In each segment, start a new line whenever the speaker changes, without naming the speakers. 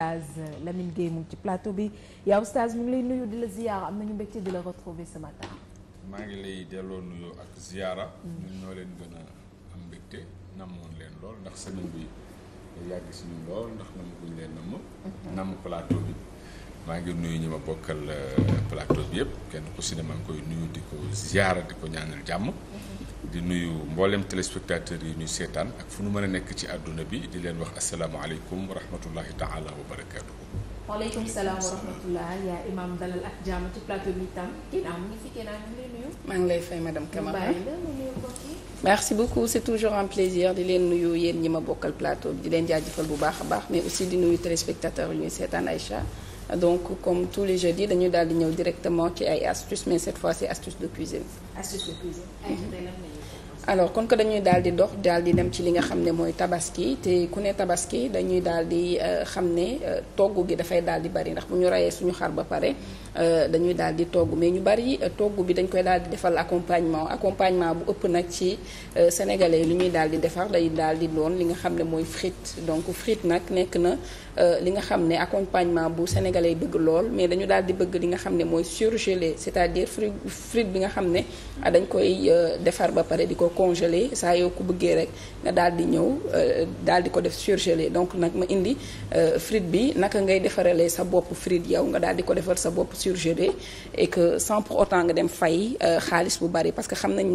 Oustaz Lamine Gueye mu ci plateau bi yaa Oustaz mu ngi lay nuyu di la ziyaara am nañu mbégte di la retrouver ce matin
maa ngi lay delloo nuyu ak ziyaara mm. ñun ñoo leen gën a am mbégte namoon leen lool ndax semaine bi yàgg si ñun lool ndax namu guñ leen namm mm-hmm. namm plateau bi maa ngi nuyu ñu ma bokkal euh, plateau bi yëpp kenn ku si maa ngi koy nuyu di ko ziyaara di ko ñaanal jàmm mm-hmm. di nuyu mboolem téléspectateurs yi ñu seetaan ak fu nu mën a nekk ci àdduna bi di leen wax asalaamaaleykum wa rahmatullahi taala wa
barakaatu. waaleykum salaam wa rahmatullah yaa imam dalal ak jàmm ci plateau bi tam Kéna mu ngi fi Kéna mu ngi lay nuyu. maa
ngi lay fay madame Camara merci beaucoup c'est toujours un plaisir di leen nuyu yéen ñi ma bokkal plateau bi di leen jaajëfal bu baax a baax mais aussi di nuyu téléspectateurs yi ñuy seetaan Aïcha. donc comme tous les jeudis dañu daal di ñëw directement ci ay astuces mais cette fois-ci de cuisine.
astuce de cuisine.
alors kon ko dañuy daal di dox daal di dem ci li nga xam ne mooy tabaski te ku ne tabaski dañuy daal di euh, xam ne euh, togg gi dafay daal di bari ndax bu ñu rayee suñu xar ba pare euh, dañuy daal di togg mais ñu bari togg bi dañ koy daal di defal accompagnement accompagnement bu ëpp nag ci sénégalais li ñuy daal di defar day daal di doon li nga xam ne mooy frite donc frite nag nekk na li nga xam ne accompagnement bu sénégalais bëgg lool mais dañu daal di bëgg li nga xam ne mooy surgelé c'est-à-dire frite bi nga xam ne dañ koy defar ba pare di ko congelé saa yow ku bëggee rek nga daal di ñëw euh, dal di ko def surgelé donc nag ma indi euh, frite bi naka ngay defarale sa bopp frite yow nga daal di ko defar sa bopp surgelé et que sans pour autant nga dem fay euh, xaalis bu bari parce que xam nañ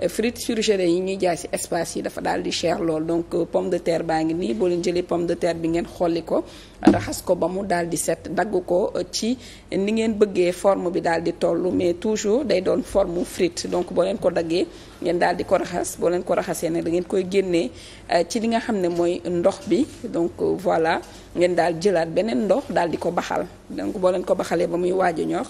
ne frite surgelé yi ñuy jaay ci espace yi dafa daal di cher lool donc pomme de terre baa ngi nii boo leen jëlee pomme de terre bi ngeen xolli ko raxas ko ba mu daal di set dagg ko ci ni ngeen bëggee forme bi daal di toll mais toujours day doon forme frite donc raxas boo leen ko raxasee nag da ngeen koy génnee euh, ci li nga xam ne mooy ndox bi donc euh, voilà ngeen daal jëlaat beneen ndox daal di ko baxal donc boo leen ko baxalee ba muy waaja a ñor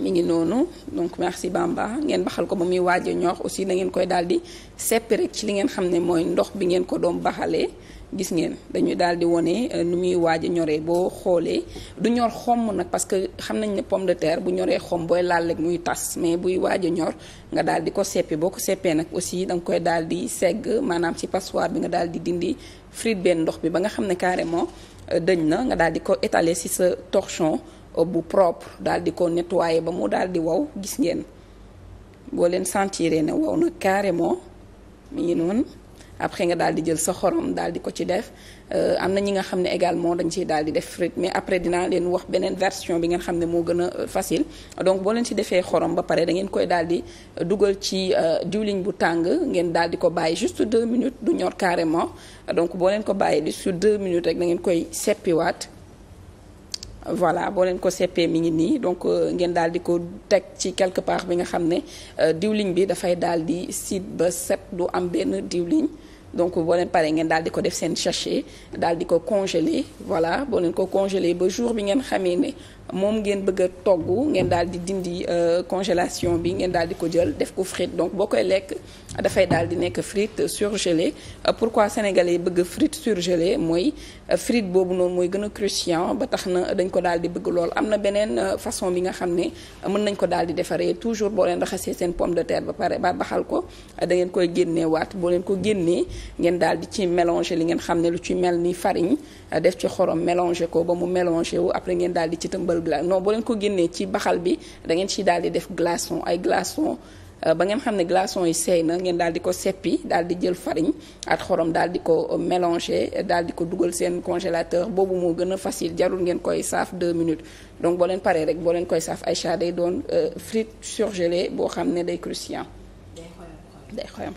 mi ngi noonu donc merci Bamba ngeen baxal ko ba muy waaj a ñor aussi da ngeen koy daal di seppi rek ci li ngeen xam ne mooy ndox bi ngeen ko doom baxalee gis ngeen dañuy daal di wone euh, nu muy waaj a ñoree boo xoolee du ñor xom nag parce que xam nañ ne pomme de terre bu ñoree xomm booy laal rek muy tas mais buy waaja ñor nga daal di ko seppi boo ko seppee nag aussi da nga koy daal di segg maanaam ci passoire bi nga daal di dindi frite benn ndox bi ba nga xam ne carrément euh, dëñ na nga daal di ko étaler ci sa torchon euh, bu propre daal di ko nettoyer ba mu daal di wow gis ngeen boo leen sentiree ne wow na carrément mi ngi noonu. après nga daal di jël sa xorom daal di ko ci def euh, am na ñi nga xam ne également dañ ciy daal di def frite mais après dinaa leen wax beneen version bi ngeen xam ne moo gën a euh, facile donc boo leen ci defee xorom ba pare da ngeen koy daal di euh, dugal ci diwlin bu tàng ngeen daal di ko bàyyi juste deux minutes du ñor carrément donc boo leen ko bàyyi juste deux minutes rek da ngeen koy seppiwaat voilà boo leen ko seppee mi ngi nii donc euh, ngeen daal di ko teg ci quelque part bi nga xam ne euh, diwliñ bi dafay daal di siit ba set du am benn diwliñ donc boo leen paree ngeen daal di ko def seen sachet dal di ko congeler voilà boo leen ko congeler ba jour bi ngeen xamee ne moom ngeen bëgg a togg ngeen daal di dindi euh, congélation bi ngeen daal di ko jël def ko frite donc boo koy lekk dafay daal di nekk frite surgelée euh, pourquoi sénégalais yi bëgg frite surgelée mooy euh, frite boobu noonu mooy gën a crucial ba tax na dañ ko daal di bëgg lool am na beneen façon bi nga xam ne mën nañ ko daal di defaree toujours boo leen raxasee seen pomme de terre ba pare ba baxal ko da ngeen koy génneewaat boo leen ko génnee ngeen daal di ci mélanger li ngeen xam ne lu ci mel ni farine def ci xorom mélanger ko ba mu mélanger wu après ngeen daal di ci tëmbal glace non boo leen ko génnee ci baxal bi da ngeen ci daal di def glaçon ay glaçon euh, ba ngeen xam ne glaçon yi seey na ngeen daal di ko seppi dal di jël farine ak xorom daal di ko euh, mélanger daal di ko dugal seen congélateur boobu moo gën a facile jarul ngeen koy saaf 2 minutes donc boo leen paree rek boo leen koy saaf Aïcha day doon euh, frite surgelée boo xam ne day croustillant day xoyam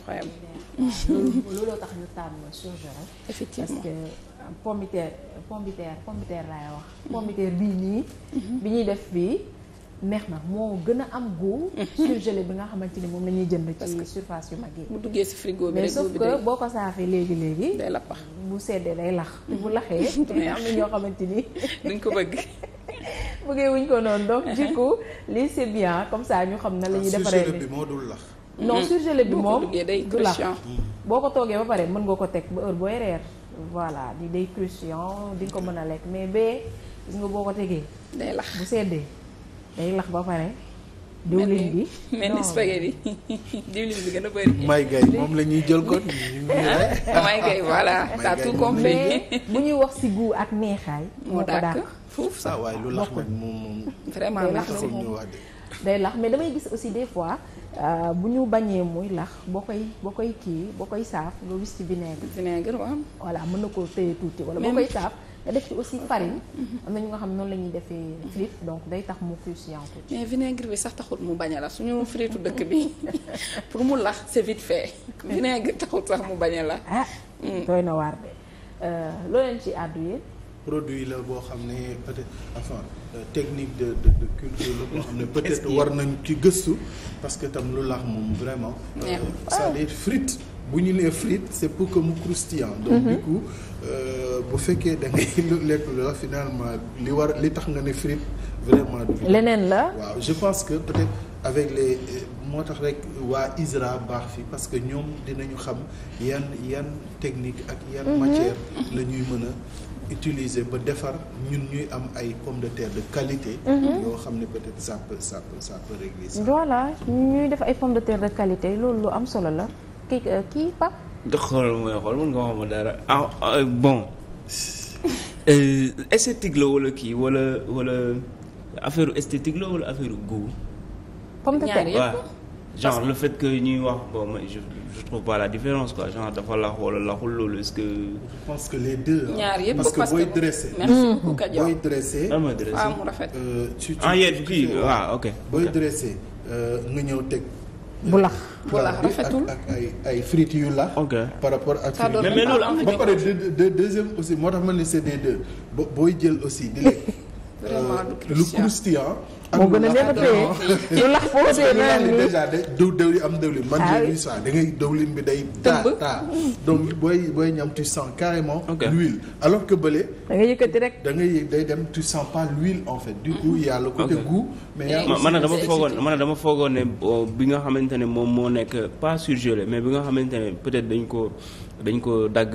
pombiteer pombiteer pombiteer laay wax pombiteer bii nii bi ñuy def fii neex na moo gën a am goût surgelé bi nga xamante ni moom la ñuy jënd ci surface yu mag yi mu duggee
si frigo bi mais sauf
boo ko saafee léegi léegi day bu seddee day lax mm-hmm. te bu laxee am na ñoo xamante ni duñ ko bëgg bëggee wuñ ko noonu donc du coup lii comme ça ñu xam na la ñuy defaree bi moo dul lax non mm-hmm. surgelé bi moom du lax boo ko toogee ba pare mën nga ko teg ba heure booy reer voilà di day crucian di nga ko mën a lekk mais bee gis nga boo ko tegee. day lax bu seddee day lax ba pare. diwlin bi
may gay
moom la jël kon.
Ah, may gay voilà t'as tout compris. mais bu ñuy wax si goût ak neexaay. moo dàq
foofu sa waay lu lax nag moom moom. vraiment lax ñu wax de.
day lax mais damay gis aussi des fois euh, bu ñu bañee muy lax boo koy boo koy kii boo koy saaf nga wis ci vinaigre. vinaigre waaw. voilà mën na koo téye tuuti wala boo koy saaf. nga def ci aussi farine. Mhm. am na ñu nga xam noonu la ñuy defee frite donc day tax mu croustillant tuuti.
mais vinaigre bi sax taxul mu bañ la lax suñu fritu dëkk bi pour mu lax c'est vite fait. vinaigre taxul
sax mu bañee la ah mm. doy na waar de euh, loo ci àddu yéen produit
la boo xam ne peut-être euh, technique de de de culture la boo xam ne peut war nañ ci gëstu parce que tam lu laax moom vraiment c'est-à-dire euh, ah. bu ñu nee frites c'est pour que mu croustillant donc mm-hmm. du coup euh, bu fekkee da ngay lekk la finalement li war li tax nga ne frites vraiment du leneen la waaw je pense que peut-être avec les moo tax rek waa ISRA baax fii parce que ñoom dinañu xam yan yan technique ak yan mm-hmm. matière la ñuy mën a utiliser ba defar ñun ñuy am ay pomme de terre de qualité. Mhm. yoo xam ne peut-être ça peut ça peut
ñuy def ay pomme de terre de qualité loolu lu am solo la kii euh, kii Pape.
xool mooy xool mën nga wax dara ah euh, bon euh, esthétique la wala kii wala wala affaire esthétique la wala affaire goût.
pomme de terre
genre le fait que ñuy wax bon mais je trouve pas la différence quoi genre dafa lax wala laxul loolu est que. je
pense que les deux.
ñaar yëpp parce que booy dressé. merci ku ko jox
booy dressé. Ah, nga ñëw teg.
bu lax euh, bu lax rafetul ak
ay ay frites yu lax. ok par rapport ak. ça doon mais loolu ba pare deuxième aussi moo tax ma ne c'est deux booy jël aussi lu croustillant moo gën a neex a téye lax foo téye naan ni déjà de dëw am dëwlin man ah j'ai vu ça da ngay dëwlin bi day taa taa donc booy booy ñam tu sens carrément l'huile alors que bële
da nga yëkkati rek
da ngay day dem tu sens pas l'huile en fait du coup y a le côté goût mais man na dama foogoon
man na dama foogoon ne euh, bi nga xamante ne moom moo nekk pas surgelé mais bi nga xamante ne peut-être dañ ko dañ ko dagg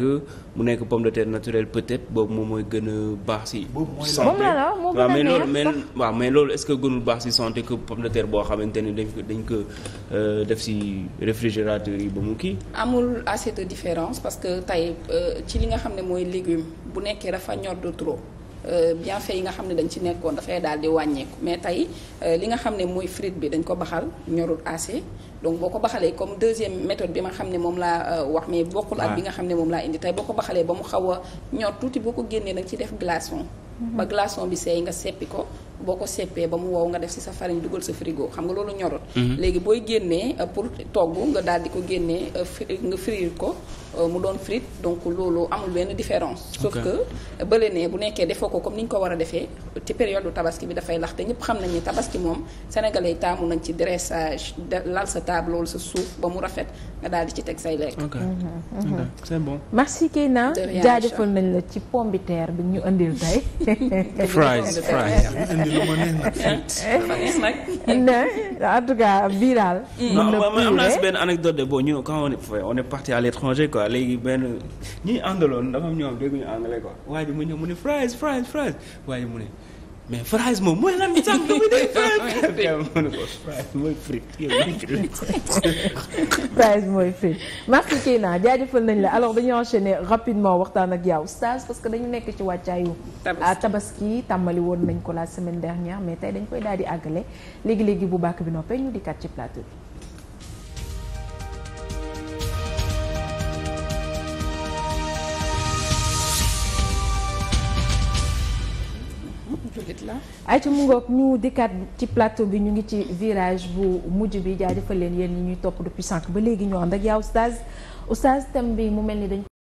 mu nekk pomme de terre naturel peut-être boobu moom mooy gën a baax si santé mais loolu mais waaw mais loolu est-ce que gënul baax ci santé que pomme de terre boo xamante ni dañ ko dañ ko euh, def ci réfrigérateur yi ba mu kii.
amul assez de différence parce que tey euh, ci li nga xam ne mooy légume bu nekkee dafa ñor de trop. Euh, bienfait yi nga xam ne dañ ci nekkoon dafay daal di wàññeeku mais tey li nga xam ne mooy frite bi dañ ko baxal ñorul assez donc boo ko baxalee comme deuxième méthode bi ma xam ne moom laa wax mais bokkul ak bi nga xam ne moom laa indi tey ko baxalee ba mu xaw a ñor tuuti boo ko génnee da ci def glaçon ba glaçon bi seey nga seppi ko boo ko seppee ba mu wow nga def ci sa farine dugal sa frigo xam nga loolu ñorut. Mhm. léegi booy génnee euh, pour togg nga daal di ko génnee euh, nga frire ko euh, mu doon frite donc loolu amul benn différence. sauf que bële ne bu nekkee defoo ko comme ni ñu ko war a defee ci période tabaski bi dafay lax te ñëpp xam nañu tabaski moom sénégalais taamu nañ ci dressage lal sa table sa suuf ba mu rafet daal di ci teg say lekk. ok mhm,
mhm. c'est bon.
merci Keina jaajëfal nañ la ci pomme de terre bi ñu indil tey. lu ma neex nag en tout cas bii daal. Mm. mën na si benn
anecdote de boo ñu quand on est on parti à l' étranger quoi léegi benn ñuy àngaloon dafa am ñoom ñu àngale quoi waaye bi mu ñëw mu ne fries fries fries waa ji mu ne. mais fries moom mooy lan sànq bi de fries mooy frites
fries mooy frites merci Keina jaajëfal nañ la alors dañuy enchaîner rapidement waxtaan ak yow stage parce que dañu nekk ci wàccaayu ah, tabaski tàmbali woon nañ ko la semaine dernière mais tey dañ koy daal di àggale léegi-léegi bu bàkk bi noppee ñu dikkaat ci plateau bi ay ci mu ngoog ñu dikkaat ci plateau bi ñu ngi ci virage bu mujj bi jaajëfal leen yéen ñi ñuy topp depuis sànq ba léegi ñu ànd ak yaa oustaz oustaz thème bi mu mel ni dañ